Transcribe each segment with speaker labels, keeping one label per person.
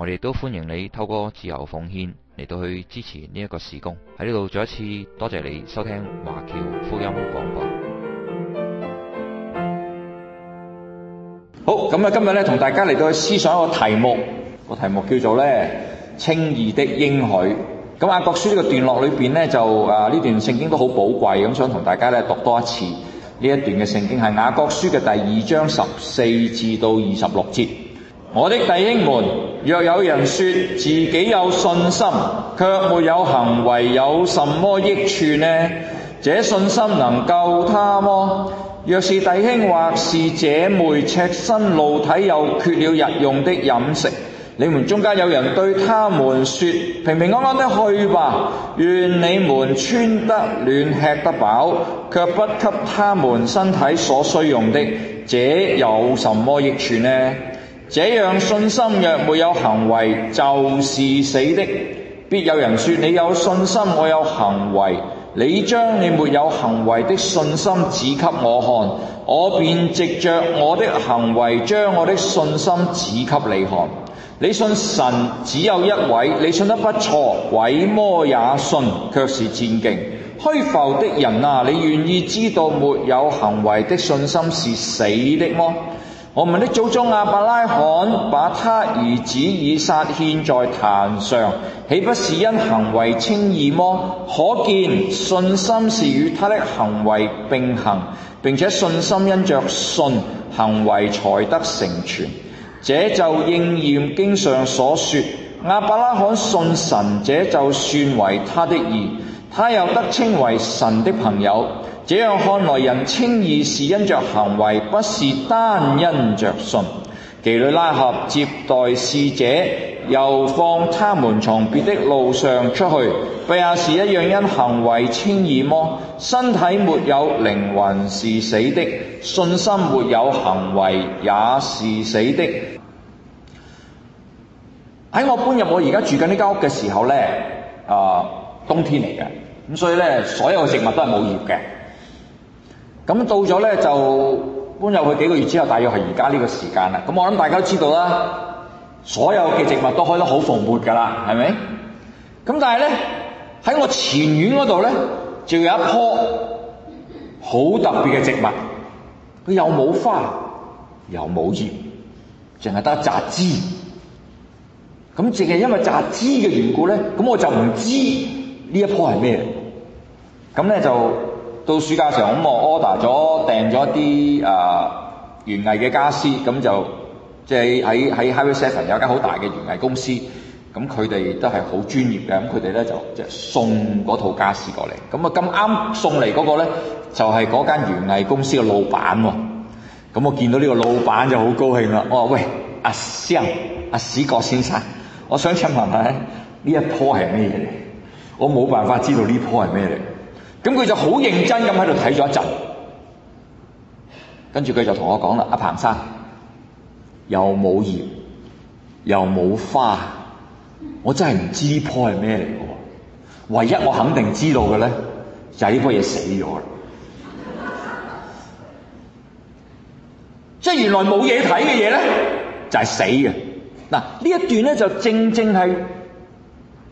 Speaker 1: 我哋都歡迎你透過自由奉獻嚟到去支持呢一個事工。喺呢度再一次多謝你收聽華僑福音廣播。好，咁啊今日咧同大家嚟到思想一個題目，個題目叫做咧稱義的應許。咁雅各書呢個段落裏邊咧就啊，呢段聖經都好寶貴，咁想同大家咧讀多一次呢一段嘅聖經，係雅各書嘅第二章十四至到二十六節。我的弟兄們，若有人說自己有信心，卻沒有行為，有什麼益處呢？這信心能救他麼？若是弟兄或是姐妹赤身露體，又缺了日用的飲食，你們中間有人對他們說：平平安安的去吧，願你們穿得暖，吃得飽，卻不給他們身體所需用的，這有什麼益處呢？這樣，信心若沒有行為，就是死的。必有人說，你有信心，我有行為。你將你沒有行為的信心指給我看，我便藉著我的行為將我的信心指給你看。你信神只有一位，你信得不錯，鬼魔也信，卻是戰兢。虛浮的人啊，你願意知道沒有行為的信心是死的麼？我們的祖宗亞伯拉罕把他兒子以撒獻在壇上，豈不是因行為稱義麼？可見信心是與他的行為並行，並且信心因着信行為才得成全。這就應驗經上所説：亞伯拉罕信神，這就算為他的義，他又得稱為神的朋友。這樣看來，人稱義是因着行為，不是單因着信。妓女拉合接待使者，又放他們從別的路上出去，不也是一樣因行為稱義麼？身體沒有靈魂是死的，信心沒有行為也是死的。喺我搬入我而家住緊呢間屋嘅時候呢，啊、呃，冬天嚟嘅咁，所以呢，所有植物都係冇葉嘅。咁到咗咧，就搬入去幾個月之後，大約係而家呢個時間啦。咁我諗大家都知道啦，所有嘅植物都開得好蓬勃㗎啦，係咪？咁但係咧，喺我前院嗰度咧，就有一棵好特別嘅植物，佢又冇花，又冇葉，淨係得雜枝。咁淨係因為雜枝嘅緣故咧，咁我就唔知呢一棵係咩。咁咧就。到暑假上，咁我 order 咗訂咗啲誒園藝嘅傢俬，咁就即係喺喺 Harvest Season 有間好大嘅園藝公司，咁佢哋都係好專業嘅，咁佢哋咧就即係送嗰套傢俬過嚟，咁啊咁啱送嚟嗰個咧就係嗰間園藝公司嘅老闆喎，咁我見到呢個老闆就好高興啦，我話，喂，阿 Sam 阿史國先生，我想請問下呢一棵係咩嘢嚟？我冇辦法知道呢棵係咩嚟。咁佢就好認真咁喺度睇咗一陣，跟住佢就同我講啦，阿彭生，又冇葉，又冇花，我真係唔知呢棵係咩嚟嘅。唯一我肯定知道嘅咧，就係、是、呢棵嘢死咗啦。 即係原來冇嘢睇嘅嘢咧，就係、是、死嘅。嗱，呢一段咧就正正係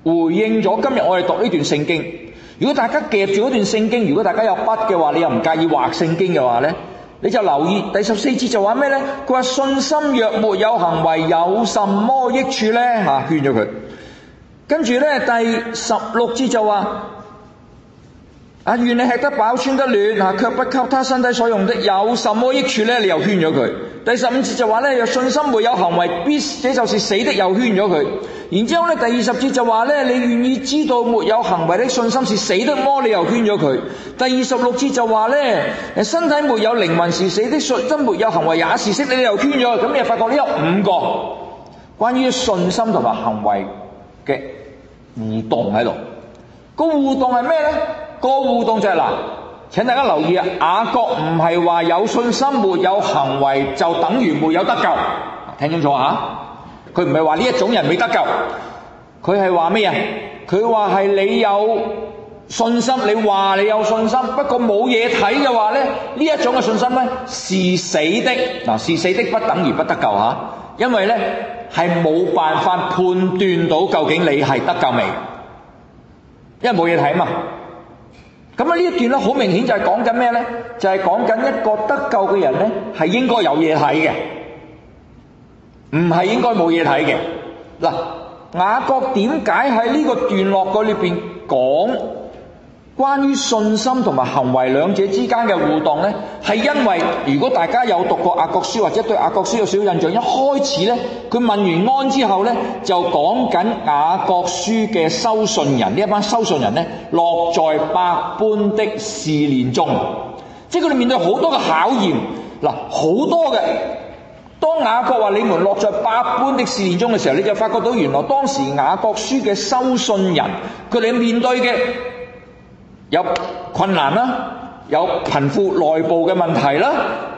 Speaker 1: 回應咗今日我哋讀呢段聖經。如果大家夾住嗰段聖經，如果大家有筆嘅話，你又唔介意畫聖經嘅話咧，你就留意第十四節就話咩咧？佢話信心若沒有行為，有什麼益處咧？嚇、啊，圈咗佢。跟住咧，第十六節就話啊，願你吃得飽、穿得暖，嚇，卻不給他身體所用的，有什麼益處咧？你又圈咗佢。第十五節就話咧，若信心沒有行為，必死者就是死的，又圈咗佢。然之後咧，第二十節就話咧，你願意知道沒有行為的信心是死的麼？你又圈咗佢。第二十六節就話咧，身體沒有靈魂是死，死的信，真沒有行為也是死。你你又圈咗。咁你又發覺呢？有五個關於信心同埋行為嘅互動喺度。個互動係咩呢？個互動就係、是、嗱，請大家留意啊！雅各唔係話有信心沒有行為就等於沒有得救，聽清楚啊！佢唔係話呢一種人未得救，佢係話咩啊？佢話係你有信心，你話你有信心，不過冇嘢睇嘅話咧，呢一種嘅信心咧是死的嗱，是死的不等於不得救嚇，因為咧係冇辦法判斷到究竟你係得救未，因為冇嘢睇啊嘛。咁啊呢一段咧好明顯就係講緊咩咧？就係講緊一個得救嘅人咧係應該有嘢睇嘅。唔係應該冇嘢睇嘅嗱，雅各點解喺呢個段落嗰裏邊講關於信心同埋行為兩者之間嘅互動呢？係因為如果大家有讀過雅各書或者對雅各書有少少印象，一開始呢，佢問完安之後呢，就講緊雅各書嘅收信人呢一班收信人呢，落在百般的試煉中，即係佢哋面對好多嘅考驗嗱，好多嘅。當雅各話你們落在百般的試驗中嘅時候，你就發覺到原來當時雅各書嘅收信人佢哋面對嘅有困難啦，有貧富內部嘅問題啦，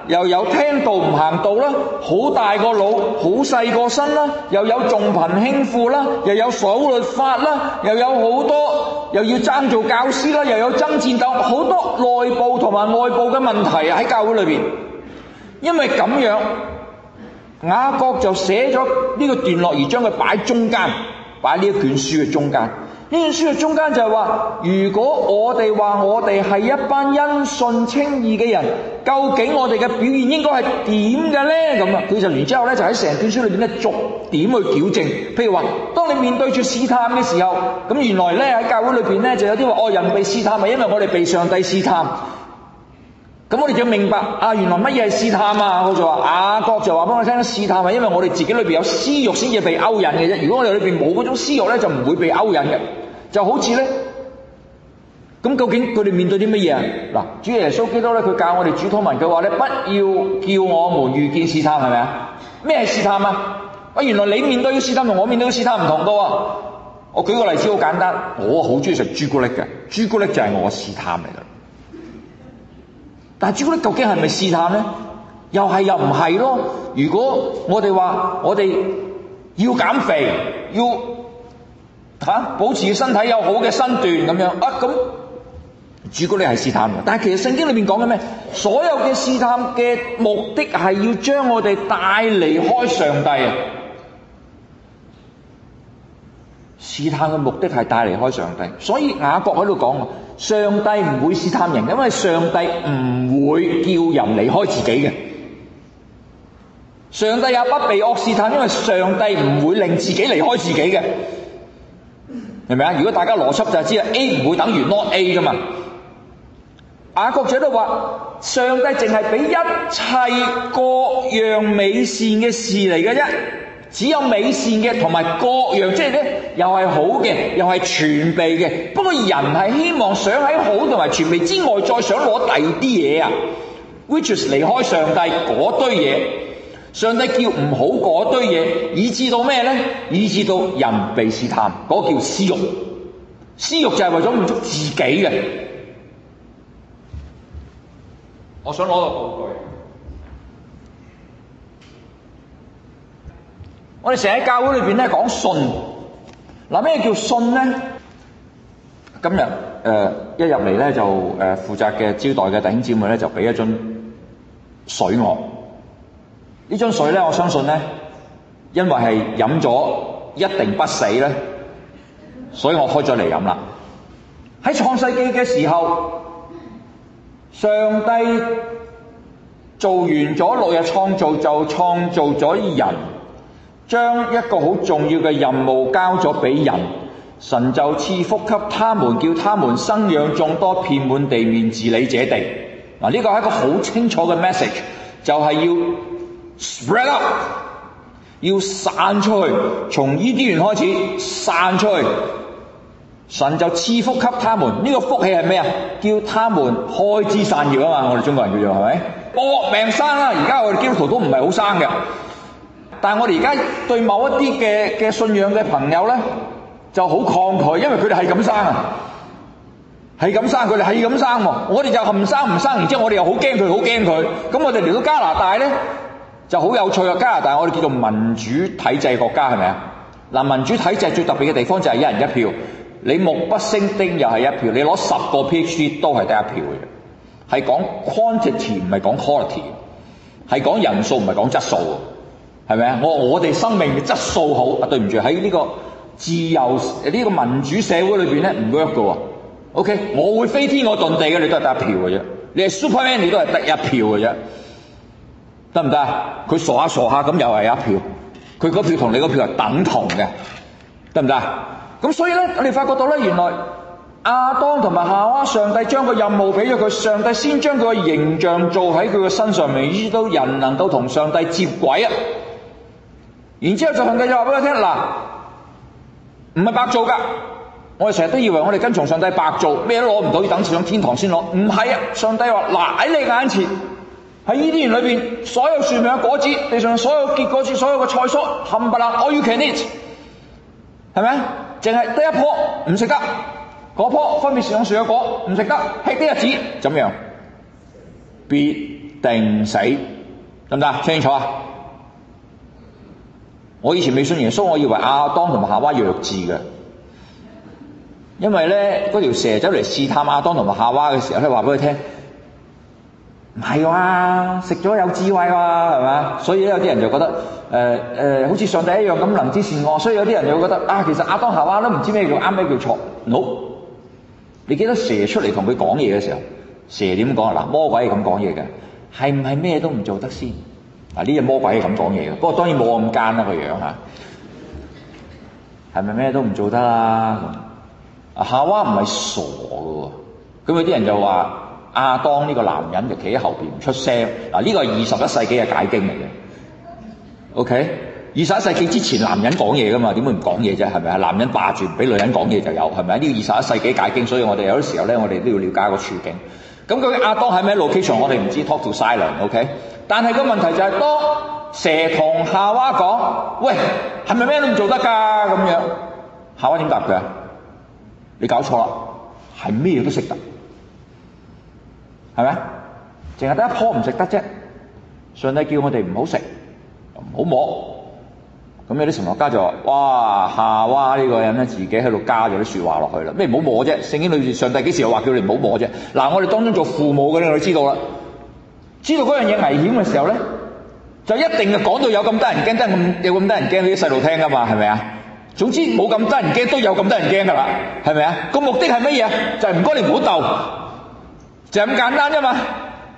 Speaker 1: 又有聽道唔行道啦，好大個腦好細個身啦，又有重貧輕富啦，又有守律法啦，又有好多又要爭做教師啦，又有爭戰鬥，好多內部同埋外部嘅問題喺教會裏邊，因為咁樣。雅各就寫咗呢個段落而將它，而將佢擺中間，擺喺呢一卷書嘅中間。呢卷書嘅中間就係話：如果我哋話我哋係一班因信稱義嘅人，究竟我哋嘅表現應該係點嘅呢？」咁啊，佢就然之後咧，就喺成卷書裏面逐點去矯正。譬如話，當你面對住試探嘅時候，咁原來咧喺教會裏面咧就有啲話：愛、哦、人被試探，咪因為我哋被上帝試探。咁我哋就明白啊，原來乜嘢係試探啊？就雅各就我就話雅各就話俾我聽，試探係、啊、因為我哋自己裏邊有私欲先至被勾引嘅啫。如果我哋裏邊冇嗰種私欲咧，就唔會被勾引嘅。就好似咧，咁究竟佢哋面對啲乜嘢啊？嗱、嗯，主耶穌基督咧，佢教我哋主禱文嘅話咧，不要叫我們遇見試探係咪啊？咩係試探啊？啊，原來你面對嘅試探同我面對嘅試探唔同嘅喎、啊。我舉個例子好簡單，我好中意食朱古力嘅，朱古力就係我嘅試探嚟嘅。但朱古力究竟係咪試探呢？又係又唔係咯？如果我哋話我哋要減肥，要保持身體有好嘅身段咁樣啊，咁朱古力係試探㗎。但其實聖經裏面講緊咩？所有嘅試探嘅目的係要將我哋帶離開上帝。試探嘅目的係帶離開上帝，所以雅各喺度講啊，上帝唔會試探人，因為上帝唔會叫人離開自己嘅。上帝也不被惡試探，因為上帝唔會令自己離開自己嘅。明唔明啊？如果大家邏輯就知啊，A 唔會等於 not A 噶嘛。雅各長都話，上帝淨係俾一切各樣美善嘅事嚟嘅啫。只有美善嘅同埋各樣即係咧又係好嘅，又係全備嘅。不過人係希望想喺好同埋全備之外，再想攞第二啲嘢啊。Which is 離開上帝嗰堆嘢，上帝叫唔好嗰堆嘢，以至到咩咧？以至到人被試探，嗰、那個、叫私欲，私欲就係為咗滿足自己嘅。我想攞個道具。我哋成日喺教會裏邊咧講信，嗱、啊、咩叫信咧？今日誒、呃、一入嚟咧就誒負、呃、責嘅招待嘅弟兄姊妹咧就俾一樽水我，水呢樽水咧我相信咧，因為係飲咗一定不死咧，所以我開咗嚟飲啦。喺創世記嘅時候，上帝做完咗六日創造，就創造咗人。將一個好重要嘅任務交咗俾人，神就賜福給他們，叫他們生養眾多，遍滿地面，治理這地。嗱、啊，呢、這個係一個好清楚嘅 message，就係要 spread out，要散出去。從呢啲人開始散出去，神就賜福給他們。呢、這個福氣係咩啊？叫他們開枝散葉啊嘛！我哋中國人叫做係咪搏命生啦、啊？而家我哋基督徒都唔係好生嘅。但係我哋而家對某一啲嘅嘅信仰嘅朋友咧，就好抗拒，因為佢哋係咁生啊，係咁生，佢哋係咁生喎、啊，我哋就唔生唔生，然之後我哋又好驚佢，好驚佢，咁我哋嚟到加拿大咧，就好有趣啊！加拿大我哋叫做民主體制國家，係咪啊？嗱，民主體制最特別嘅地方就係一人一票，你目不識丁又係一票，你攞十個 PhD 都係得一票嘅，係講 quantity 唔係講 quality，係講人數唔係講質素。係咪啊？我我哋生命嘅質素好啊。對唔住，喺呢個自由呢個民主社會裏邊咧，唔 work 嘅喎。OK，我會飛天我遁地嘅，你都係得一票嘅啫。你係 superman，你都係得一票嘅啫。得唔得？佢傻下傻下咁又係一票。佢嗰票同你嗰票係等同嘅，得唔得？咁所以咧，你哋發覺到咧，原來阿當同埋夏娃，上帝將個任務俾咗佢，上帝先將佢個形象做喺佢個身上面，依都人能夠同上帝接軌啊。然之後上帝就同佢哋話俾我聽，嗱，唔係白做㗎。我哋成日都以為我哋跟從上帝白做，咩都攞唔到，要等上天堂先攞。唔係啊，上帝話嗱喺你眼前，喺呢啲園裏面，所有樹苗嘅果子，地上所有結果子，所有嘅菜蔬，冚唪唥，我要嘅呢啲，係咪？淨係得一棵唔食得，嗰棵分別善惡樹嘅果唔食得，食嘅日子，怎樣？必定死，得唔得？聽清楚啊！我以前未信耶穌，以我以為亞當同埋夏娃弱智嘅，因為咧嗰條蛇走嚟試探亞當同埋夏娃嘅時候咧，話俾佢聽，唔係哇，食咗有智慧喎、啊，係咪？所以咧有啲人就覺得，誒、呃、誒、呃，好似上帝一樣咁能知善惡，所以有啲人就會覺得，啊，其實亞當夏娃都唔知咩叫啱咩叫錯。no，你記得蛇出嚟同佢講嘢嘅時候，蛇點講啊？嗱，魔鬼係咁講嘢嘅，係唔係咩都唔做得先？呢隻魔鬼係咁講嘢嘅，不過當然冇咁奸啦、這個樣嚇，係咪咩都唔做得啦？啊，夏娃唔係傻嘅喎，咁有啲人就話阿當呢個男人就企喺後邊唔出聲。嗱、這、呢個係二十一世紀嘅解經嚟嘅，OK？二十一世紀之前男人講嘢㗎嘛，點會唔講嘢啫？係咪啊？男人霸住唔俾女人講嘢就有係咪？呢個二十一世紀解經，所以我哋有啲時候咧，我哋都要了解個處境。咁究竟阿當喺咩 location？我哋唔知 talk to silent, OK? 但係個問題就係，當蛇同夏娃講：喂，係咪咩都唔做得㗎？咁樣夏娃點答佢啊？你搞錯啦，係咩都食得，係咪啊？淨係得一棵唔食得啫。上帝叫我哋唔好食，唔好摸。咁有啲神學家就話：哇，夏娃呢個人咧，自己喺度加咗啲説話落去啦。咩唔好摸啫？聖經裏面上帝幾時又話叫你唔好摸啫？嗱，我哋當中做父母嘅，你都知道啦。知道嗰樣嘢危險嘅時候咧，就一定係講到有咁多人驚，得咁有咁多人驚啲細路聽噶嘛，係咪啊？總之冇咁多人驚都有咁多人驚噶啦，係咪啊？個目的係乜嘢？就係唔該你唔好鬥，就咁簡單啫嘛，行行啊、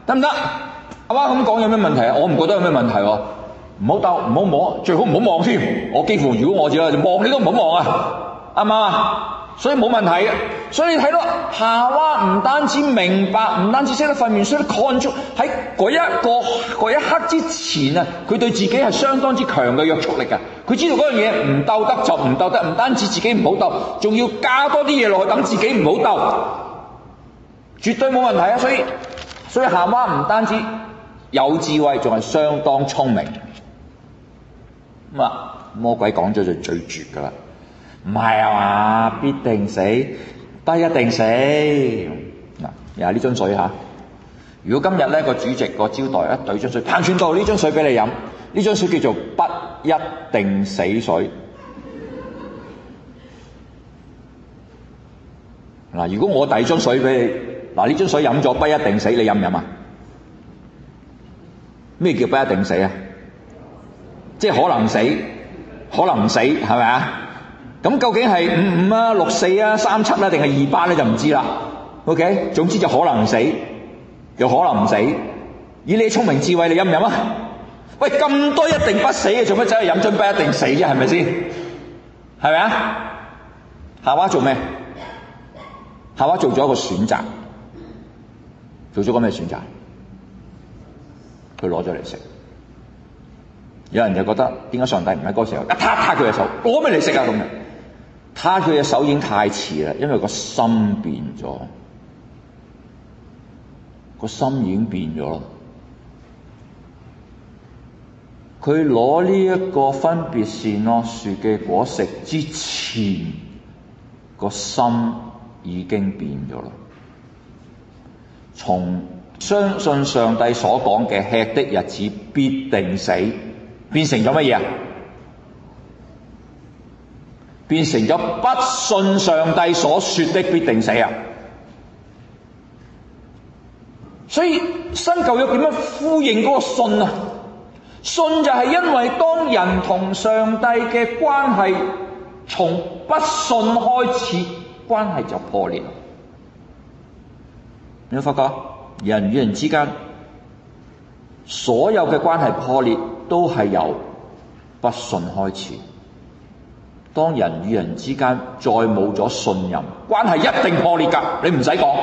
Speaker 1: 得唔得？阿媽咁講有咩問題啊？我唔覺得有咩問題喎，唔好鬥，唔好摸，最好唔好望先。我幾乎如果我知啦，望你都唔好望啊，啱、啊、媽。所以冇問題。所以你睇到夏娃唔單止明白，唔單止識得訓練，識得控制喺嗰一個嗰一刻之前啊，佢對自己係相當之強嘅約束力嘅。佢知道嗰樣嘢唔鬥得就唔鬥得，唔單止自己唔好鬥，仲要加多啲嘢落去等自己唔好鬥，絕對冇問題。所以，所以夏娃唔單止有智慧，仲係相當聰明。魔鬼講咗就是最絕㗎喇～唔係啊嘛，必定死，不一定死。嗱，又係呢樽水嚇。如果今日咧個主席個招待一攤樽水，行轉道呢樽水俾你飲，呢樽水叫做不一定死水。嗱，如果我第二樽水俾你，嗱，呢樽水飲咗不一定死，你飲唔飲啊？咩叫不一定死啊？即係可能死，可能唔死，係咪啊？咁究竟係五五啊，六四啊，三七啦，定係二八咧就唔知啦。O K，總之就可能死，又可能唔死。以你聰明智慧，你飲唔飲啊？喂，咁多一定不死嘅，做乜走去飲樽不一定死啫？係咪先？係咪啊？夏娃做咩？夏娃做咗一個選擇，做咗個咩選擇？佢攞咗嚟食。有人就覺得點解上帝唔喺嗰時候一撻撻佢隻手攞咩嚟食啊？咁樣。他佢嘅手已經太遲啦，因為個心變咗，個心已經變咗咯。佢攞呢一個分別善惡樹嘅果食之前，個心已經變咗啦。從相信上帝所講嘅吃的日子必定死，變成咗乜嘢？變成咗不信上帝所說的必定死啊！所以新教約點樣呼 f f 嗰個信啊？信就係因為當人同上帝嘅關係從不信開始，關係就破裂了。你發覺人與人之間所有嘅關係破裂，都係由不信開始。當人與人之間再冇咗信任，關係一定破裂㗎。你唔使講，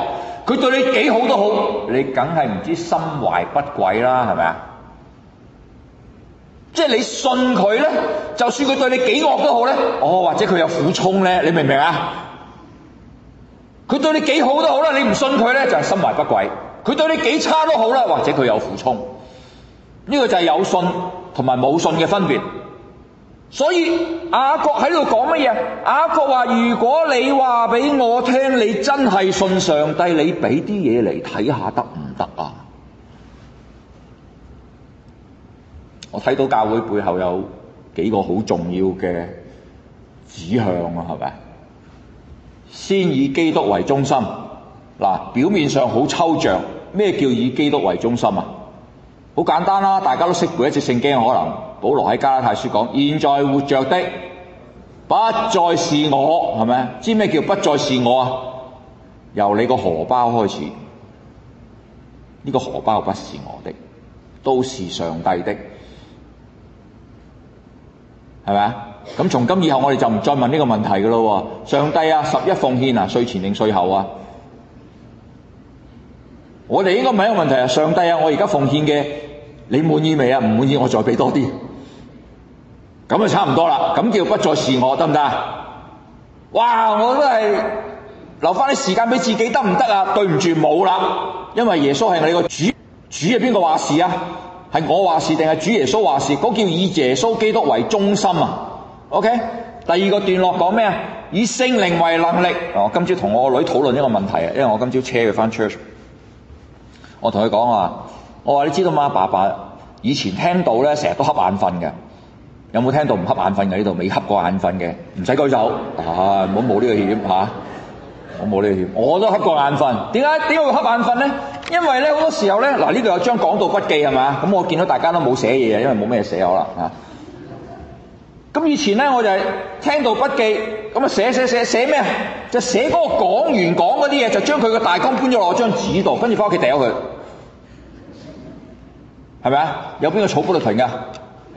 Speaker 1: 佢對你幾好都好，你梗係唔知心懷不軌啦，係咪啊？即係你信佢呢，就算佢對你幾惡都好呢，哦，或者佢有苦衷呢，你明唔明啊？佢對你幾好都好啦，你唔信佢呢，就係心懷不軌。佢對你幾差都好啦，或者佢有苦衷。呢個就係有信同埋冇信嘅分別。所以雅各喺度講乜嘢？雅各話：如果你話俾我聽，你真係信上帝，你俾啲嘢嚟睇下得唔得啊？我睇到教會背後有幾個好重要嘅指向啊，係咪？先以基督為中心，嗱，表面上好抽象。咩叫以基督為中心啊？好簡單啦、啊，大家都識背一節聖經可能。保羅喺加拉太書講：現在活着的不再是我，係咪？知咩叫不再是我啊？由你個荷包開始，呢、這個荷包不是我的，都是上帝的，係咪啊？咁從今以後我哋就唔再問呢個問題噶咯。上帝啊，十一奉獻啊，稅前定稅後啊？我哋應該問一個問題啊！上帝啊，我而家奉獻嘅，你滿意未啊？唔滿意我再俾多啲。咁就差唔多啦，咁叫不再是我得唔得？哇！我都係留翻啲時間俾自己得唔得啊？對唔住冇啦，因為耶穌係我哋個主，主係邊個話事啊？係我話事定係主耶穌話事？嗰叫以耶穌基督為中心啊？OK，第二個段落講咩啊？以聖靈為能力。哦、今我今朝同我個女討論呢個問題啊，因為我今朝車佢翻 church 我同佢講啊，我話你知道嘛？爸爸以前聽到咧，成日都瞌眼瞓嘅。有冇聽到唔瞌眼瞓嘅呢度？未瞌過眼瞓嘅，唔使舉手，嚇、啊！唔好冒呢個險嚇、啊！我冇呢個險，我都瞌過眼瞓。點解？點解會瞌眼瞓咧？因為咧，好多時候咧，嗱呢度有張講道筆記係嘛？咁我見到大家都冇寫嘢啊，因為冇咩寫好啦嚇。咁以前咧我就係聽到筆記，咁啊寫寫寫寫咩啊？就寫嗰個講完講嗰啲嘢，就將佢個大綱搬咗落張紙度，跟住翻屋企抌佢，係咪啊？有邊個草稿度停㗎？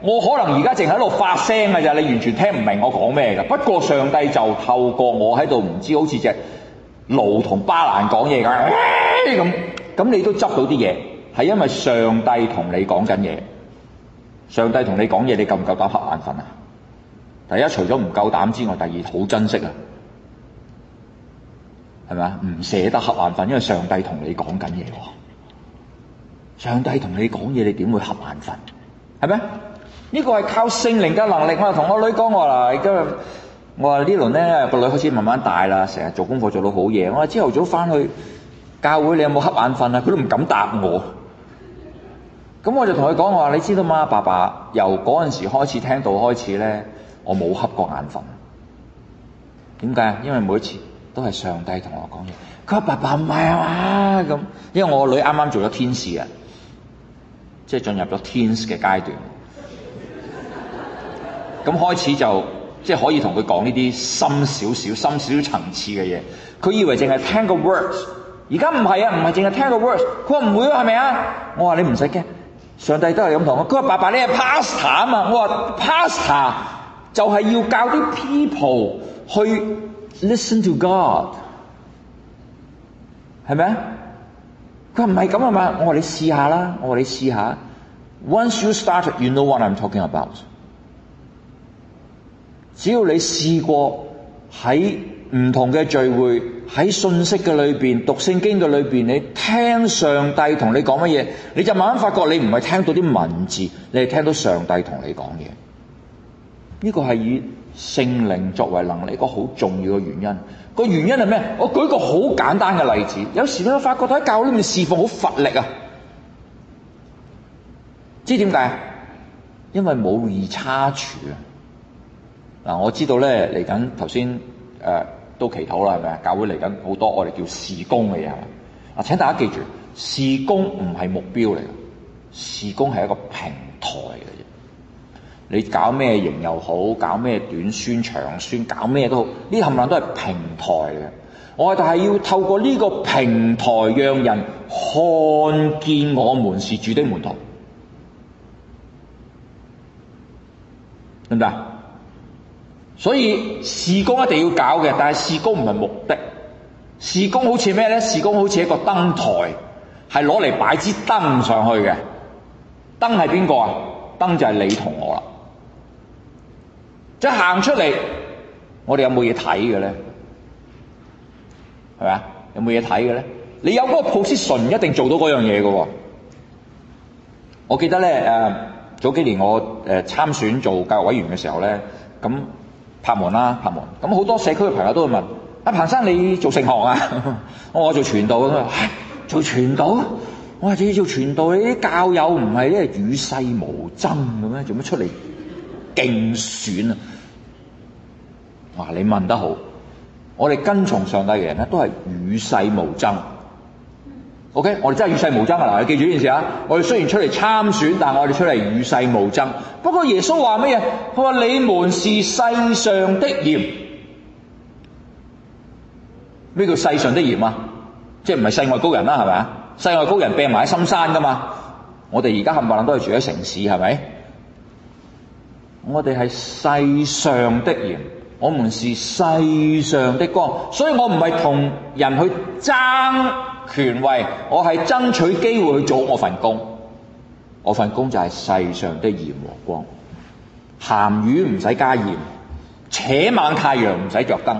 Speaker 1: 我可能而家淨喺度發聲㗎咋，你完全聽唔明我講咩㗎。不過上帝就透過我喺度，唔知好似隻驢同巴蘭講嘢咁，咁、哎、咁你都執到啲嘢，係因為上帝同你講緊嘢。上帝同你講嘢，你夠唔夠膽合眼瞓啊？第一，除咗唔夠膽之外，第二好珍惜啊，係咪啊？唔捨得合眼瞓，因為上帝同你講緊嘢。上帝同你講嘢，你點會合眼瞓？係咩？呢個係靠聖靈嘅能力。我同我女講，我話嗱，而家我話呢輪咧，個女開始慢慢大啦，成日做功課做到好夜。我話朝頭早翻去教會，你有冇瞌眼瞓啊？佢都唔敢答我。咁我就同佢講，我話你知道嗎？爸爸由嗰陣時開始聽到開始咧，我冇瞌過眼瞓。點解啊？因為每一次都係上帝同我講嘢。佢話：爸爸唔係啊嘛。咁，因為我個女啱啱做咗天使啊，即係進入咗天使嘅階段。咁開始就即係、就是、可以同佢講呢啲深少少、深少少層次嘅嘢。佢以為淨係聽個 words，而家唔係啊，唔係淨係聽個 words。佢話唔會啊，係咪啊？我話你唔使驚，上帝都係咁同我。佢話：爸爸，你係 pastor 啊嘛。我話 pastor 就係要教啲 people 去 listen to God，係咪啊？佢話唔係咁啊嘛。我話你試下啦。我話你試下。Once you start, you know what I'm talking about. 只要你試過喺唔同嘅聚會，喺信息嘅裏邊讀聖經嘅裏邊，你聽上帝同你講乜嘢，你就慢慢發覺你唔係聽到啲文字，你係聽到上帝同你講嘢。呢、呢個係以聖靈作為能力，一個好重要嘅原因。個原因係咩？我舉個好簡單嘅例子。有時你會發覺喺教裏面侍奉好乏力啊，知點解？因為冇易差處啊。嗱、啊，我知道咧，嚟緊頭先誒都祈禱啦，係咪啊？教會嚟緊好多我哋叫事工嘅嘢，係咪啊？請大家記住，事工唔係目標嚟嘅，事工係一個平台嚟嘅啫。你搞咩型又好，搞咩短宣長宣，搞咩都好，呢冚唪唥都係平台嚟嘅。我哋係要透過呢個平台，讓人看見我們是主的門徒，得唔得啊？所以事工一定要搞嘅，但係事工唔係目的。事工好似咩咧？事工好似一個燈台，係攞嚟擺支燈上去嘅。燈係邊個啊？燈就係你同我啦。即係行出嚟，我哋有冇嘢睇嘅咧？係咪啊？有冇嘢睇嘅咧？你有嗰個 position 一定做到嗰樣嘢嘅喎。我記得咧，誒早幾年我誒參選做教育委員嘅時候咧，咁。拍門啦、啊，拍門！咁好多社區嘅朋友都會問：阿、啊、彭生，你做盛行啊？ 我？我做傳道咁啊！ 做傳道？我話只做傳道，你啲教友唔係咧與世無爭嘅咩？做乜出嚟競選啊？嗱， 你問得好，我哋跟從上帝嘅人咧，都係與世無爭。OK，我哋真係與世無爭嘅，嗱，你記住呢件事啊！我哋雖然出嚟參選，但係我哋出嚟與世無爭。不過耶穌話乜嘢？佢話你們是世上的鹽。咩叫世上的鹽啊？即係唔係世外高人啦？係咪啊？世外高人並埋喺深山㗎嘛。我哋而家冚唪唥都係住喺城市，係咪？我哋係世上的鹽，我們是世上的光，所以我唔係同人去爭。權位，我係爭取機會去做我份工。我份工就係世上的鹽和光。鹹魚唔使加鹽，扯猛太陽唔使着燈。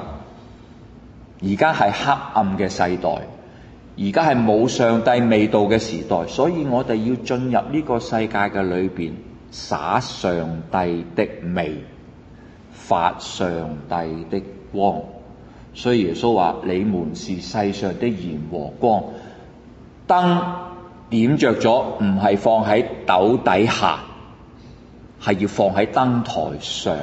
Speaker 1: 而家係黑暗嘅世代，而家係冇上帝味道嘅時代，所以我哋要進入呢個世界嘅裏邊，灑上帝的味，發上帝的光。所以耶穌話：你們是世上的鹽和光，燈點着咗，唔係放喺斗底下，係要放喺燈台上。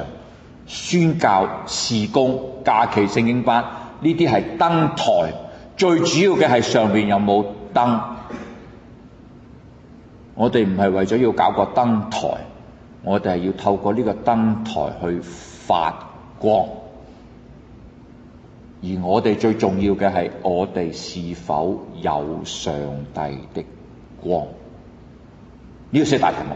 Speaker 1: 宣教、事工、假期聖經班，呢啲係燈台。最主要嘅係上面有冇燈。我哋唔係為咗要搞個燈台，我哋係要透過呢個燈台去發光。而我哋最重要嘅係我哋是否有上帝的光？呢個四大題目，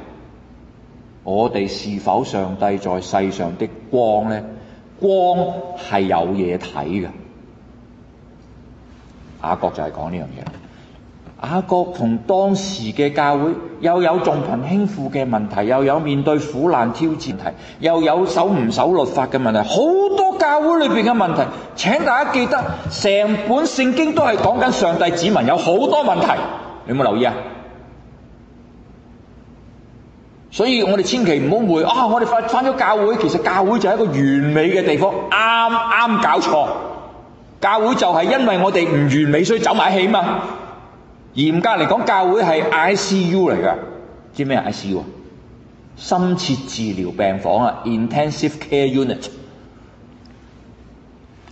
Speaker 1: 我哋是否上帝在世上的光呢？光係有嘢睇嘅。雅各就係講呢樣嘢。雅各同當時嘅教會又有重貧輕富嘅問題，又有面對苦難挑戰題，又有守唔守律法嘅問題。好。教會裏邊嘅問題，請大家記得，成本聖經都係講緊上帝子民有好多問題，你有冇留意啊？所以我哋千祈唔好誤會啊！我哋翻翻咗教會，其實教會就係一個完美嘅地方，啱啱搞錯。教會就係因為我哋唔完美，所以走埋起嘛。嚴格嚟講，教會係 ICU 嚟噶，知咩 ICU？深切治療病房啊，Intensive Care Unit。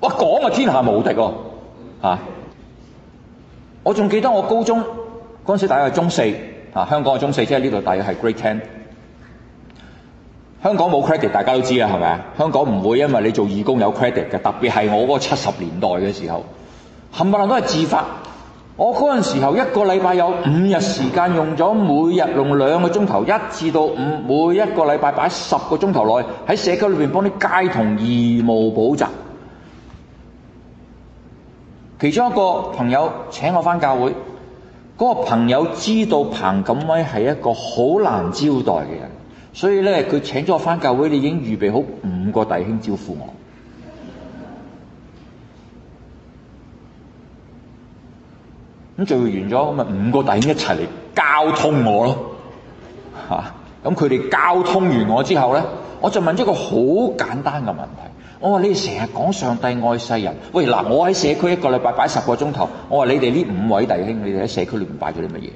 Speaker 1: 我講啊，天下無敵哦、啊！我仲記得我高中嗰陣時，大約係中四嚇、啊，香港嘅中四，即係呢度大約係 grade 10。香港冇 credit，大家都知啦，係咪啊？香港唔會，因為你做義工有 credit 嘅。特別係我嗰七十年代嘅時候，冚唪唥都係自發。我嗰陣時候一個禮拜有五日時間，用咗每日用兩個鐘頭，一至到五，每一個禮拜擺十個鐘頭內喺社區裏邊幫啲街童義務補習。其中一個朋友請我翻教會，嗰個朋友知道彭錦威係一個好難招待嘅人，所以咧佢請咗我翻教會，你已經預備好五個弟兄招呼我。咁聚會完咗，咁咪五個弟兄一齊嚟交通我咯，嚇！咁佢哋交通完我之後咧，我就問咗個好簡單嘅問題。我話你哋成日講上帝愛世人，喂嗱！我喺社區一個禮拜擺十個鐘頭，我話你哋呢五位弟兄，你哋喺社區裏面擺咗啲乜嘢？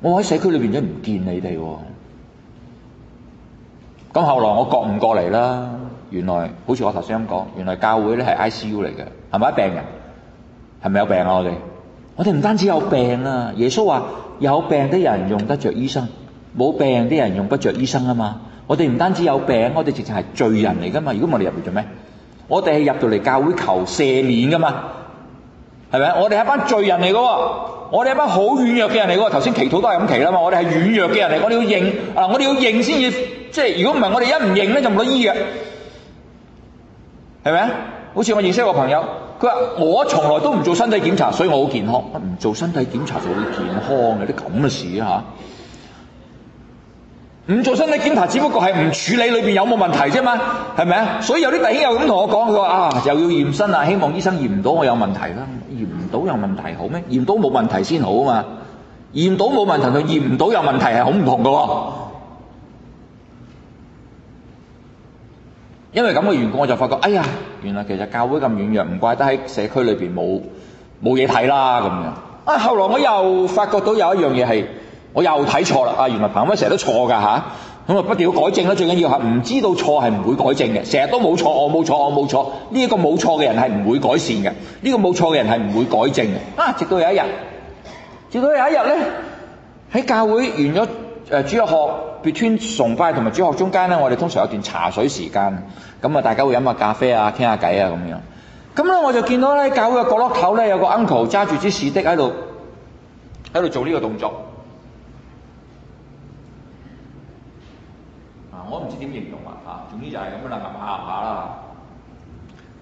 Speaker 1: 我喺社區裏邊都唔見你哋喎。咁後來我覺唔過嚟啦，原來好似我頭先咁講，原來教會咧係 ICU 嚟嘅，係咪病人？係咪有病啊？我哋我哋唔單止有病啊！耶穌話：有病啲人用得着醫生，冇病啲人用不着醫生啊嘛！我哋唔單止有病，我哋直情係罪人嚟噶嘛。如果我哋入嚟做咩？我哋係入到嚟教會求赦免噶嘛？係咪？我哋係班罪人嚟噶，我哋係班好軟弱嘅人嚟噶。頭先祈禱都係咁祈啦嘛，我哋係軟弱嘅人嚟，我哋要認啊！我哋要認先至，即係如果唔係，我哋一唔認咧就唔得醫嘅，係咪？好似我認識一個朋友，佢話我從來都唔做身體檢查，所以我好健康。唔做身體檢查就會健康，有啲咁嘅事啊吓！唔做身體檢查，只不過係唔處理裏邊有冇問題啫嘛，係咪啊？所以有啲弟兄又咁同我講，佢話啊，又要驗身啊，希望醫生驗唔到我有問題啦，驗唔到有問題好咩？驗到冇問題先好啊嘛，驗到冇問題同驗唔到有問題係好唔同㗎喎。因為咁嘅緣故，我就發覺，哎呀，原來其實教會咁軟弱，唔怪得喺社區裏邊冇冇嘢睇啦咁樣。啊，後來我又發覺到有一樣嘢係。我又睇錯啦！啊，原來彭錦威成日都錯噶吓，咁啊不斷要改正啦。最緊要係唔知道錯係唔會改正嘅，成日都冇錯，我冇錯，我冇錯。呢、這、一個冇錯嘅人係唔會改善嘅，呢、這個冇錯嘅人係唔會改正嘅。啊，直到有一日，直到有一日咧，喺教會完咗誒主日學 between 崇拜同埋主日學中間咧，我哋通常有段茶水時間，咁啊大家會飲下咖啡啊，傾下偈啊咁樣。咁、啊、咧我就見到咧教會嘅角落頭咧有個 uncle 揸住支士的喺度，喺度做呢個動作。我唔知點形容啊！啊， 總之就係咁樣啦，揞下揞下啦。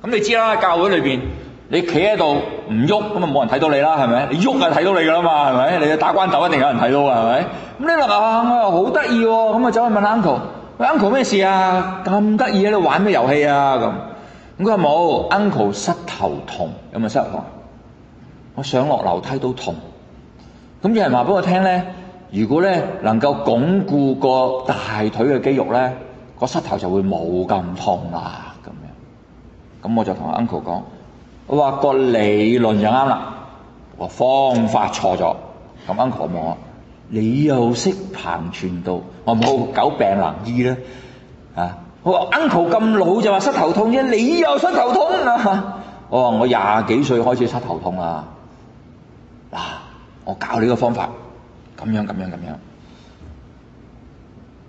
Speaker 1: 咁你知啦，教會裏邊你企喺度唔喐，咁啊冇人睇到你啦，係咪？你喐就睇到你噶啦嘛，係咪？你打關鬥一定有人睇到 啊，係咪？咁呢個啊，我又好得意喎，咁啊走去問 Uncle，Uncle 咩事啊？咁得意喺度玩咩遊戲啊？咁咁佢話冇，Uncle 膝頭痛，有冇膝頭？我上落樓梯都痛。咁有人話俾我聽咧。如果咧能夠鞏固個大腿嘅肌肉咧，個膝頭就會冇咁痛啦咁樣。咁我就同 uncle 講，我話個理論就啱啦，我話方法錯咗。咁 uncle 望我，你又識行傳道，我話冇久病能醫咧。啊，我話 uncle 咁老就話膝頭痛啫，你又膝頭痛啊？我話我廿幾歲開始膝頭痛啦。嗱，啊，我教你個方法。咁樣咁樣咁樣，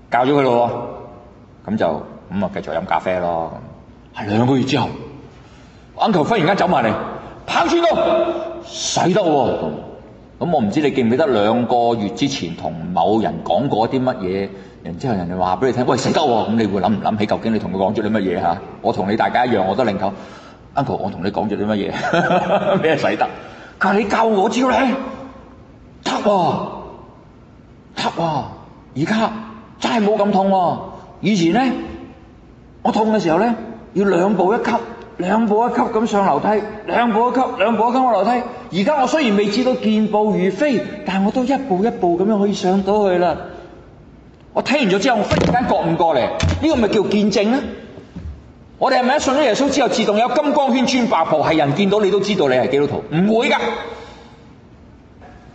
Speaker 1: 教咗佢咯，咁就咁啊，繼續飲咖啡咯。係兩個月之後，uncle 忽然間走埋嚟，跑穿到，使得喎。咁我唔知你記唔記得兩個月之前同某人講過啲乜嘢，然之後人哋話俾你聽，喂、啊，使得喎。咁你會諗唔諗起，究竟你同佢講咗啲乜嘢嚇？我同你大家一樣，我都認購 uncle，我同你講咗啲乜嘢？咩使得？佢話你教我知招咧，得喎。級而家真係冇咁痛喎，啊。以前呢，我痛嘅時候呢，要兩步一級，兩步一級咁上樓梯，兩步一級，兩步一級嘅樓梯。而家我雖然未知道健步如飛，但係我都一步一步咁樣可以上到去啦。我聽完咗之後，我忽然間覺悟過嚟，呢、這個咪叫見證咧？我哋係咪一信咗耶穌之後，自動有金光圈穿白袍？係人見到你都知道你係基督徒，唔會噶。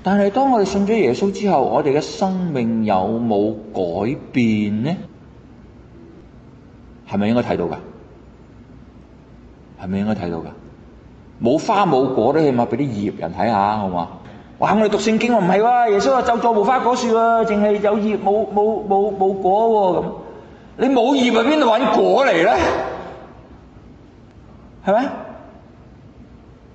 Speaker 1: 但係當我哋信咗耶穌之後，我哋嘅生命有冇改變呢？係咪應該睇到㗎？係咪應該睇到㗎？冇花冇果都起碼俾啲葉人睇下，好嘛？哇！我哋讀聖經話唔係喎，耶穌話就，就做無花果樹啊，淨係有葉冇冇冇冇果喎、啊、咁。你冇葉喺邊度搵果嚟？咧？係咪？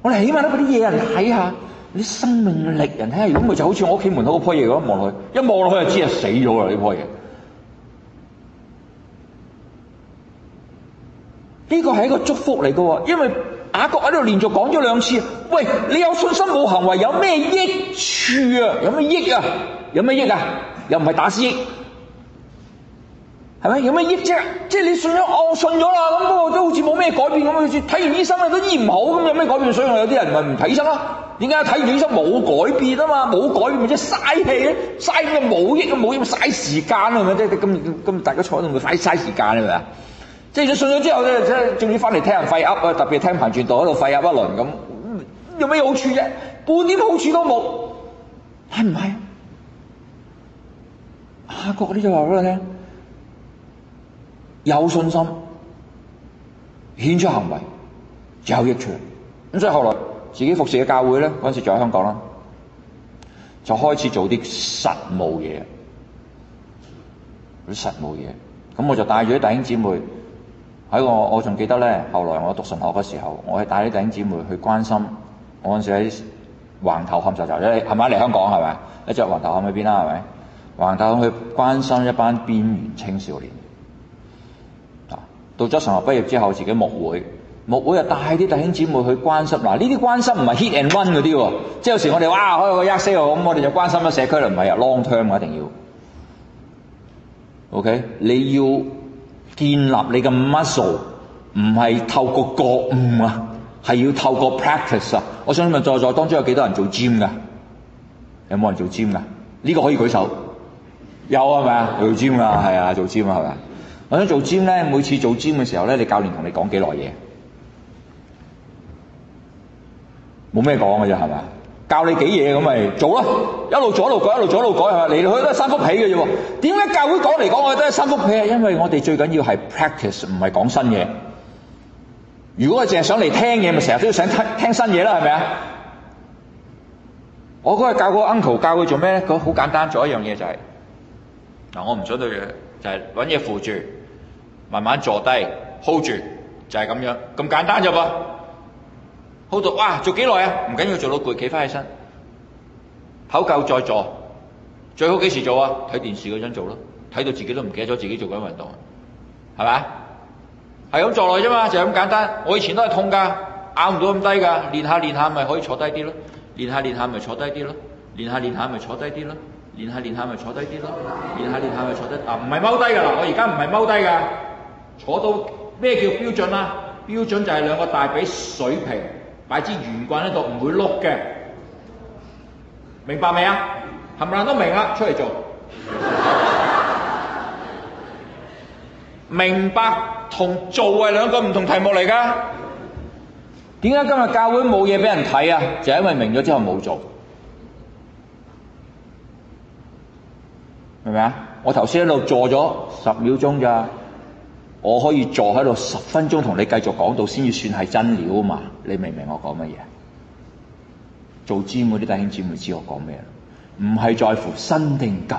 Speaker 1: 我哋起碼都俾啲葉人睇下。啲生命力，人睇下。如果佢就好似我屋企門口嗰棵嘢咁望落去，一望落去就知係，死咗啦！呢棵嘢呢個係一個祝福嚟噶。因為雅各喺度連續講咗兩次，喂，你有信心冇行為有咩益處啊？有咩益啊？有咩益啊？又唔係打私益，係咪？有咩益啫、啊？即係你信咗、哦，我信咗啦。咁我都好似冇咩改變咁。好似睇完醫生你都醫唔好咁，有咩改變？所以有啲人咪唔睇醫生囉。點解睇完醫生冇改變啊嘛？冇改變咪即嘥氣咯，嘥咁又冇益，冇嘢嘥時間啊嘛！即係今今大家坐喺度咪費嘥時間啊嘛！即係信咗之後咧，即係仲要翻嚟聽人廢噏啊！特別聽彭傳道喺度廢噏一輪咁，有咩好處啫？半點好處都冇，係唔係啊？雅各嗰啲就話俾我聽，有信心顯出行為有益處，咁所以後來。自己服侍嘅教會咧，嗰陣時仲喺香港啦，就開始做啲實務嘢，啲實務嘢。咁我就帶住啲弟兄姊妹喺我，我仲記得咧。後來我讀神學嘅時候，我係帶啲弟兄姊妹去關心。我嗰陣時喺橫頭磡，就就，你係咪嚟香港係咪？你著橫頭磡喺邊啦係咪？橫頭磡去關心一班邊緣青少年。啊，到咗神學畢業之後，自己牧會。木會又帶啲弟兄姊妹去關心嗱，呢、啊、啲關心唔係 hit and run 嗰啲喎，即係有時我哋哇開個 exercise 喎，咁我哋就關心咗社區啦，唔係啊 long term 啊，一定要。OK，你要建立你嘅 muscle，唔係透過覺悟啊，係要透過 practice 啊。我想問在座當中有幾多人做 gym 㗎？有冇人做 gym 㗎？呢、呢個可以舉手。有，有啊，係咪啊做 gym 啊，係啊做 gym 啊，係咪啊？我想做 gym 咧，每次做 gym 嘅時候咧，你教練同你講幾耐嘢？冇咩講嘅啫，係嘛？教你幾嘢咁咪做咯，一路左路改，一路左路改係嘛？嚟嚟去去都係三幅皮嘅啫喎。點解教會講嚟講去都係三幅皮啊？因為我哋最緊要係 practice，唔係講新嘢。如果佢淨係想嚟聽嘢，咪成日都要想聽聽新嘢啦，係咪啊？我嗰日教個 uncle 教佢做咩？佢好簡單，做一樣嘢就係、是、嗱，我唔想對住，就係揾嘢扶住，慢慢坐低 hold 住，就係、是、咁樣，咁簡單啫噃。好做啊，做幾耐啊？唔緊要，做到攰，企翻起身，抖夠再做。最好幾時做啊？睇電視嗰陣做咯，睇到自己都唔記得咗自己做緊運動，係咪啊？係咁坐耐啫嘛，就係咁簡單。我以前都係痛㗎，拗唔到咁低㗎。練下練下咪可以坐低啲咯，練下練下咪坐低啲咯，練下練下咪坐低啲咯，練下練下咪坐低啲咯，練下練下咪坐低啊！唔係踎低㗎啦，我而家唔係踎低㗎，坐到咩叫標準啊？標準就係兩個大髀水平。擺支圓棍喺度，唔會碌嘅，明白未啊？冚唪唥都明啦，出嚟做， 做，就是、做。明白同做係兩個唔同題目嚟噶。點解今日教會冇嘢俾人睇啊？就係因為明咗之後冇做，明唔明啊？我頭先喺度坐咗十秒鐘㗎。我可以坐喺度十分鐘同你繼續講到先至算係真料啊嘛！你明唔明我講乜嘢？做 gym 啲弟兄姊妹知我講咩啦？唔係在乎新定舊，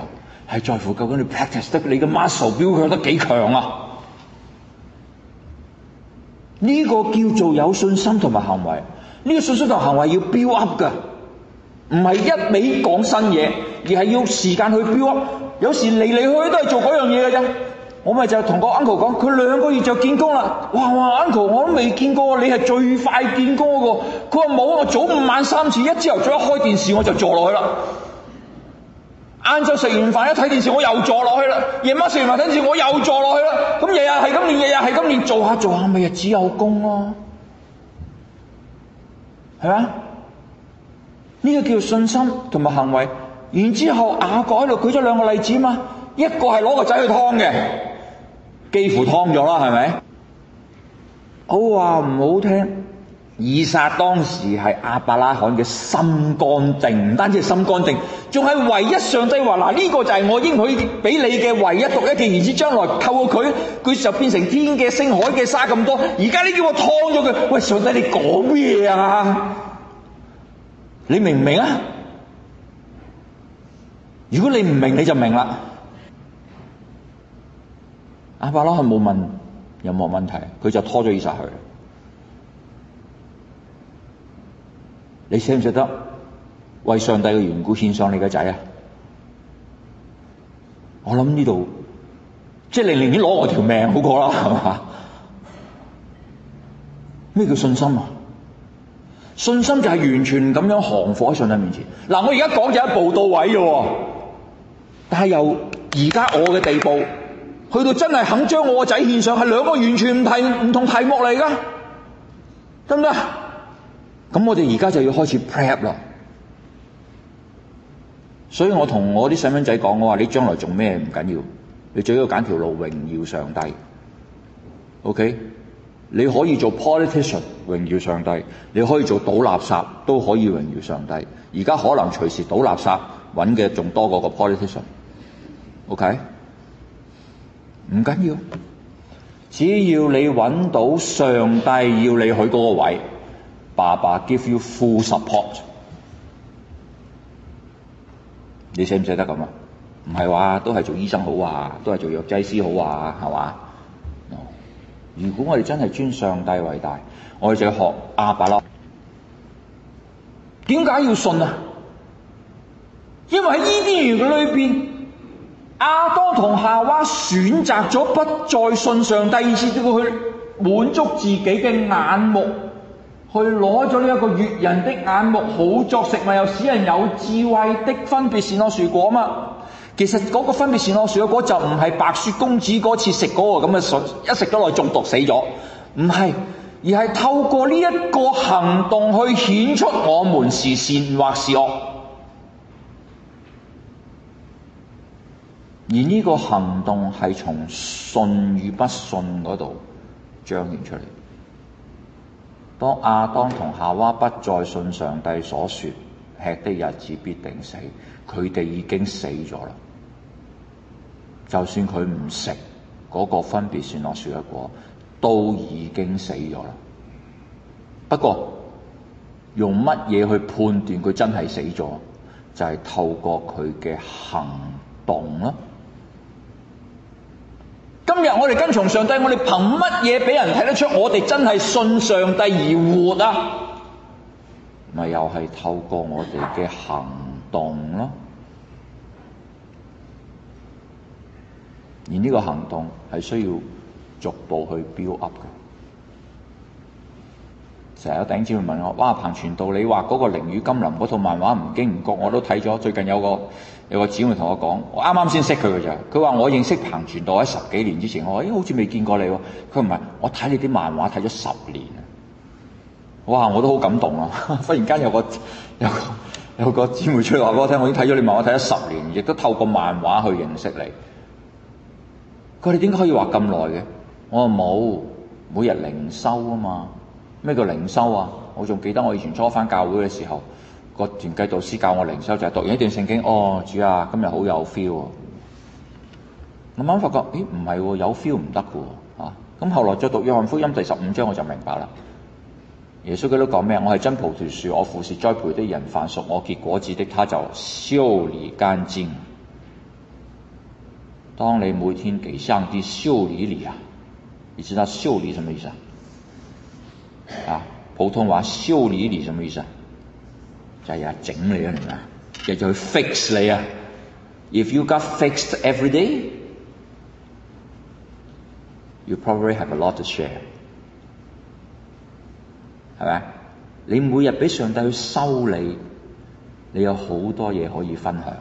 Speaker 1: 係在乎究竟你 p r a c t i c e 得你嘅 muscle b 向得幾強啊？呢 個叫做有信心同埋行為。呢、這個信心同行為要 build up 嘅，唔係一味講新嘢，而係要時間去 build up。有時嚟嚟去去都係做嗰樣嘢嘅啫。我咪就同個 uncle 講，佢兩個月就見工啦！哇哇 uncle，我都未見過，你係最快見工嗰個。佢話冇，我早五晚三次，一朝頭早一開電視我就坐落去啦。晏晝食完飯一睇電視我又坐落去啦，夜晚食完飯睇電視我又坐落去啦。咁日日係咁練，日日係咁練，做下做下咪日子有功咯，係嘛？呢個叫做信心同埋行為。然之後雅各喺度舉咗兩個例子啊嘛，一個係攞個仔去劏嘅。幾乎劏咗啦，係咪？好話唔好聽，以撒當時係阿伯拉罕嘅心肝椗，唔單止係心肝椗，仲係唯一，上帝話，嗱，呢個就係我應許俾你嘅唯一獨一嘅兒子，而之將來透過佢，佢就變成天嘅星海嘅沙咁多。而家你叫我劏咗佢，喂，上帝你講咩啊？你明唔明啊？如果你唔明，你就明啦。阿伯啦，佢冇問有冇問題，佢就拖咗以撒去。你捨唔捨得為上帝嘅緣故獻上你嘅仔啊？我諗呢度，即係你寧願攞我條命好過啦，係嘛？咩叫信心啊？信心就係完全咁樣降服喺上帝面前。嗱，我而家講就一步到位啫喎，但係由而家我嘅地步。 去到真係肯將我個仔獻上，係兩個完全唔題唔同題目嚟㗎，得唔得？咁我哋而家就要開始 prep 啦。所以我同我啲細蚊仔講，我話你將來做咩唔緊要，你最緊要揀條路榮耀上帝。OK，你可以做 politician 榮耀上帝，你可以做倒垃圾都可以榮耀上帝。而家可能隨時倒垃圾揾嘅仲多過個 politician。OK。唔緊要，只要你揾到上帝要你去嗰個位，爸爸 give you full support，你捨唔捨得咁啊？唔係話都係做醫生好啊，都係做藥劑師好啊，係嘛？No. 如果我哋真係尊上帝為大，我哋就要學阿爸啦。點解要信啊？因為喺呢啲嘢嘅裏邊。亞當同夏娃選擇咗不再信上，第二次叫佢去滿足自己嘅眼目，去攞咗呢一個悅人的眼目，好作食物又使人有智慧的分別善惡樹果啊嘛。其實嗰個分別善惡樹果就唔係白雪公主嗰次食嗰個咁嘅水，一食咗落中毒死咗，唔係，而係透過呢一個行動去顯出我們是善或是惡。而呢個行動係從信與不信嗰度彰顯出嚟。當亞當同夏娃不再信上帝所説，吃的日子必定死，佢哋已經死咗啦。就算佢唔食嗰個分別善惡樹一個，都已經死咗啦。不過用乜嘢去判斷佢真係死咗，就係、是、透過佢嘅行動啦。今日我哋跟從上帝，我哋憑乜嘢俾人睇得出我哋真係信上帝而活啊？咪 又係透過我哋嘅行動咯。而呢個行動係需要逐步去 build up 嘅。成日有頂子會問我，哇，彭傳道，你話嗰個《靈雨金林》嗰套漫畫唔經唔覺我都睇咗。最近有個。有個姊妹同我講，我啱啱先識佢嘅咋。佢話我認識彭傳道喺十幾年之前。我咦、哎、好似未見過你喎。佢唔係，我睇你啲漫畫睇咗十年。哇，我都好感動啊！忽然間有個有個有個姊妹出嚟話俾我聽，我已經睇咗你漫畫睇咗十年，亦都透過漫畫去認識你。佢哋你點解可以畫咁耐嘅？我話冇，每日靈修啊嘛。咩叫靈修啊？我仲記得我以前初返教會嘅時候。個團契導師教我靈修就係、是、讀完一段聖經，哦，主啊，今日好有 feel、啊、我慢慢發覺，咦，唔係、哦，有 feel 唔得嘅，啊，咁後來再讀約翰福音第十五章，我就明白啦。耶穌基督講咩啊？我係真葡萄樹，我父是栽培的人，凡屬我結果子的，他就修理乾淨。當你每天俾上帝修理你啊，你知道修理什麼意思啊？啊，普通話修理你什麼意思啊？就係又整你啊！明唔明啊，又再去 fix 你啊！If you got fixed every day, you probably have a lot to share，係咪？你每日俾上帝去修理，你有好多嘢可以分享。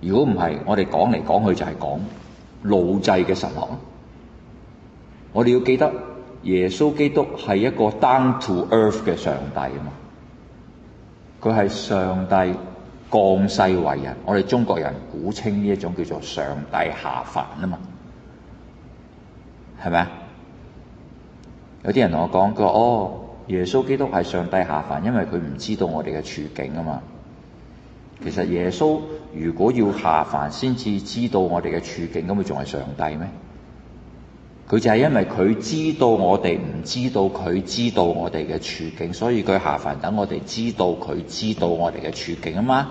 Speaker 1: 如果唔係我哋講嚟講去就係講路制嘅神學，我哋要記得耶穌基督係一個 down to earth 嘅上帝啊嘛。佢係上帝降世為人，我哋中國人古稱呢一種叫做上帝下凡啊嘛，係咪啊？有啲人同我講，佢話哦，耶穌基督係上帝下凡，因為佢唔知道我哋嘅處境啊嘛。其實耶穌如果要下凡先至知道我哋嘅處境，咁佢仲係上帝咩？佢就係因為佢知道我哋唔知道，佢知道我哋嘅處境，所以佢下凡等我哋知道佢知道我哋嘅處境啊嘛！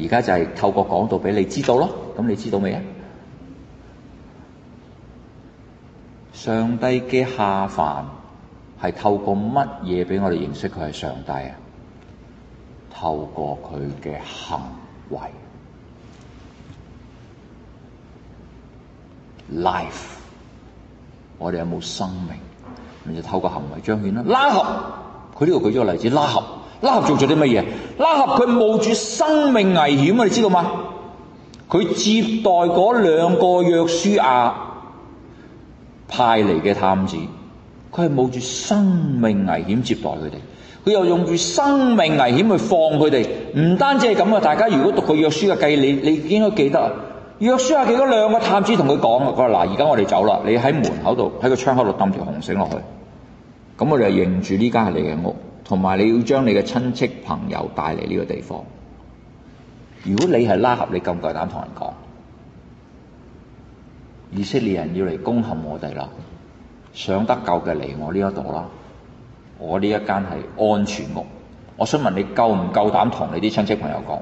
Speaker 1: 而家就係透過講道俾你知道咯，咁你知道未啊？上帝嘅下凡係透過乜嘢俾我哋認識佢係上帝啊？透過佢嘅行為，life。我哋有冇生命？你就透過行為彰顯啦。拉合，佢呢度舉咗個例子。拉合，拉合做咗啲乜嘢？拉合佢冒住生命危險啊！你知道嗎？佢接待嗰兩個約書亞派嚟嘅探子，佢係冒住生命危險接待佢哋。佢又用住生命危險去放佢哋。唔單止係咁啊！大家如果讀過約書亞記，你你應該記得。約書亞嘅多兩個探子同佢講啊，佢話：嗱，而家我哋走啦，你喺門口度，喺個窗口度掟條紅繩落去。咁我哋就認住呢間係你嘅屋，同埋你要將你嘅親戚朋友帶嚟呢個地方。如果你係拉合，你夠唔夠膽同人講？以色列人要嚟攻陷我哋啦，想得救嘅嚟我呢一度啦。我呢一間係安全屋，我想問你夠唔夠膽同你啲親戚朋友講？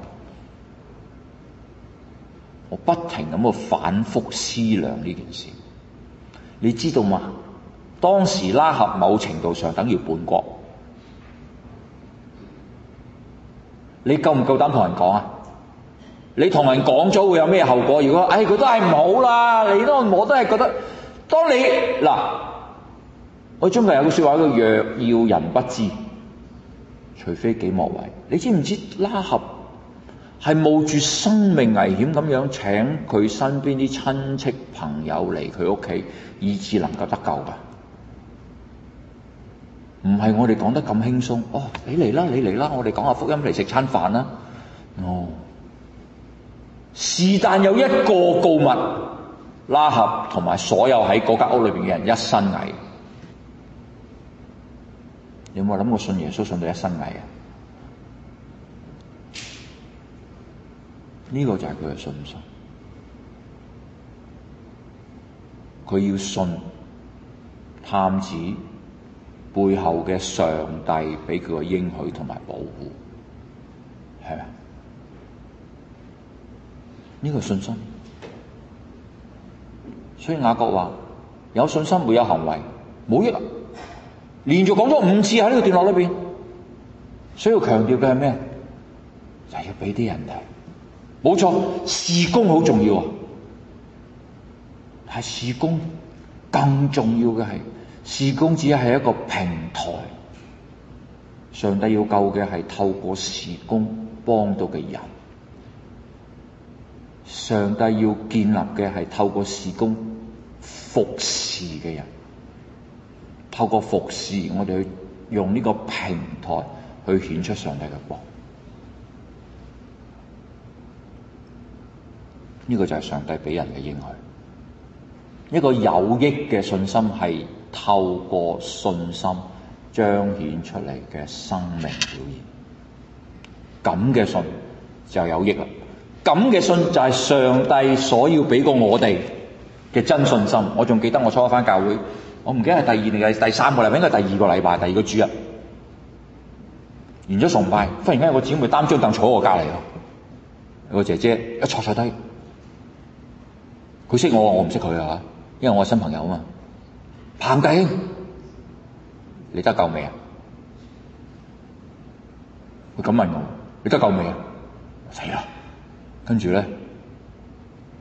Speaker 1: 我不停咁去反覆思量呢件事，你知道嗎？當時拉合某程度上等於叛國，你夠唔夠膽同人講啊？你同人講咗會有咩後果？如果唉，佢都係冇啦，你都我都係覺得，當你嗱，我中國有句説話叫若要人不知，除非己莫為，你知唔知拉合？係冒住生命危險咁樣請佢身邊啲親戚朋友嚟佢屋企，以至能夠得救噶。唔係我哋講得咁輕鬆哦，你嚟啦，你嚟啦，我哋講下福音嚟食餐飯啦。哦，是但有一個告密，拉合同埋所有喺嗰間屋裏面嘅人一身危。有冇諗過信耶穌信到一身危啊？呢個就係佢嘅信心，佢要信探子背後嘅上帝俾佢嘅應許同埋保護，係咪？呢、這個信心。所以雅各話有信心沒有行為冇用，連續講咗五次喺呢個段落裏邊。需要強調嘅係咩？就要俾啲人睇。冇錯，事工好重要啊！係事工更重要嘅係，事工只係一個平台。上帝要救嘅係透過事工幫到嘅人，上帝要建立嘅係透過事工服侍嘅人。透過服侍，我哋去用呢個平台去顯出上帝嘅光。呢個就係上帝俾人嘅影響，一個有益嘅信心係透過信心彰顯出嚟嘅生命表現。咁嘅信就有益啦，咁嘅信就係上帝所要俾過我哋嘅真信心。我仲記得我初一返教會，我唔記得係第二定係第三個禮拜，應該第二個禮拜，第二個主日完咗崇拜，忽然間有個姊妹擔張凳坐我隔離咯，有個姐姐一坐晒低。佢識我，我唔識佢啊！因為我係新朋友啊嘛。彭弟兄，你得救未啊？佢咁問我：你得救未啊？死啦！跟住咧，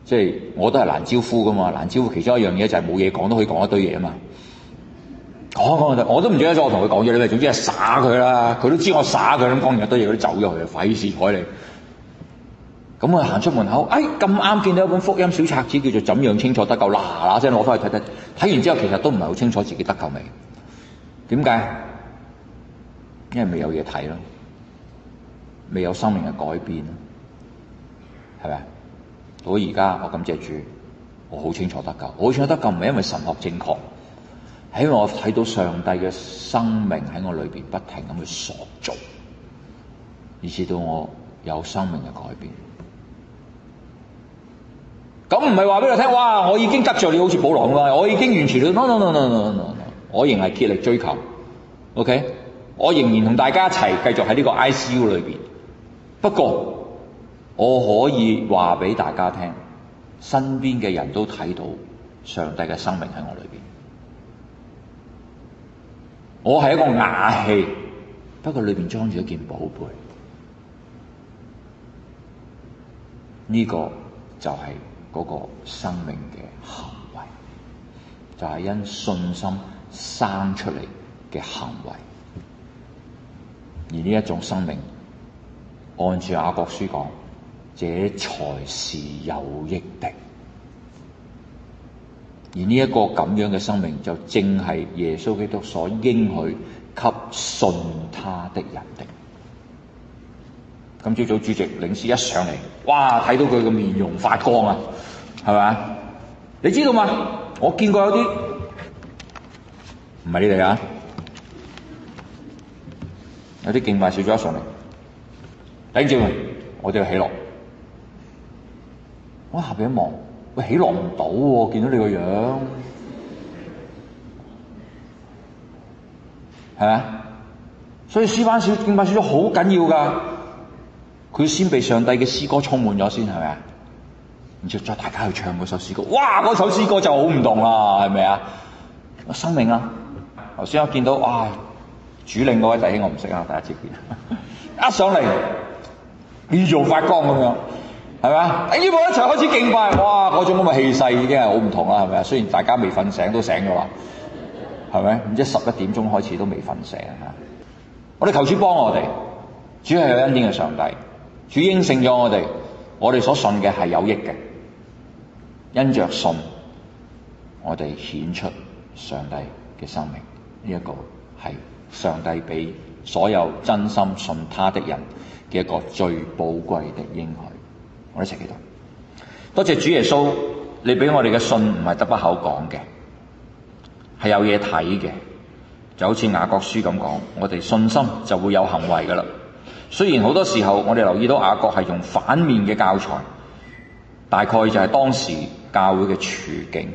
Speaker 1: 即係我都係難招呼噶嘛。難招呼，其中一樣嘢就係冇嘢講都可以講一堆嘢啊嘛。講講我都唔記得咗我同佢講咗啲咩。總之係耍佢啦，佢都知我耍佢，咁講完一堆嘢佢都走咗去，費事睬你。咁我行出門口，哎咁啱見到一本福音小冊子，叫做《怎樣清楚得救》，嗱嗱聲攞返去睇睇」。睇完之後，其實都唔係好清楚自己得救未。點解？因為未有嘢睇咯，未有生命嘅改變咯，係咪？我而家我感謝主，我好清楚得救，我好清楚得救唔係因為神學正確，係因為我睇到上帝嘅生命喺我裏邊不停咁去塑造，以至到我有生命嘅改變。我唔係話俾你聽，哇！我已經得著你好似保羅咁，我已經完全啦啦啦啦啦啦，no no no no no, 我仍係竭力追求。OK，我仍然同大家一齊繼續喺呢個 ICU 裏邊。不過我可以話俾大家聽，身邊嘅人都睇到上帝嘅生命喺我裏邊。我係一個瓦器，不過裏邊裝住一件寶貝。呢、這個就係、是。嗰個生命嘅行為，就係因信心生出嚟嘅行為，而呢一種生命，按住雅各書講，這才是有益的。而呢一個咁樣嘅生命，就正係耶穌基督所應許給信他的人的。今朝早主席領事一上嚟，哇！睇到佢個面容發光啊，係咪？你知道嘛？我見過有啲唔係你哋啊，有啲敬拜小組一上嚟，頂住我哋喜樂。我下邊一望，我喜樂唔到喎，見到你個樣係咪？所以師班小敬拜小組好緊要㗎。佢先被上帝嘅詩歌充滿咗先，係咪啊？然之後再大家去唱嗰首詩歌，哇！嗰首詩歌就好唔同啦，係咪啊？生命啊！頭先我見到哇，主領嗰位弟兄我唔識啊，第一次見，一、 啊、上嚟變做發光咁樣，係咪啊？呢、哎、家一齊開始敬拜。哇！嗰種咁嘅氣勢已經係好唔同啦，係咪啊？雖然大家未瞓醒都醒咗啦，係咪？唔知十一點鐘開始都未瞓醒嚇，我哋求主幫我哋，主係有恩典嘅上帝。主應承咗我哋，我哋所信嘅係有益嘅，因着信，我哋顯出上帝嘅生命。呢一個係上帝俾所有真心信他的人嘅一個最寶貴的應許。我一齊祈禱，多謝主耶穌，你俾我哋嘅信唔係得不口講嘅，係有嘢睇嘅，就好似雅各書咁講，我哋信心就會有行為噶啦。雖然好多時候我哋留意到雅各係用反面嘅教材，大概就係當時教會嘅處境，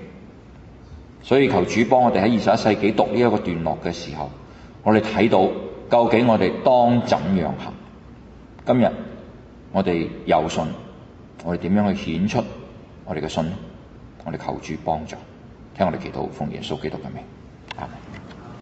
Speaker 1: 所以求主幫我哋喺二十一世紀讀呢一個段落嘅時候，我哋睇到究竟我哋當怎樣行？今日我哋有信，我哋點樣去顯出我哋嘅信呢？我哋求主幫助，聽我哋祈禱，奉耶穌基督嘅名，阿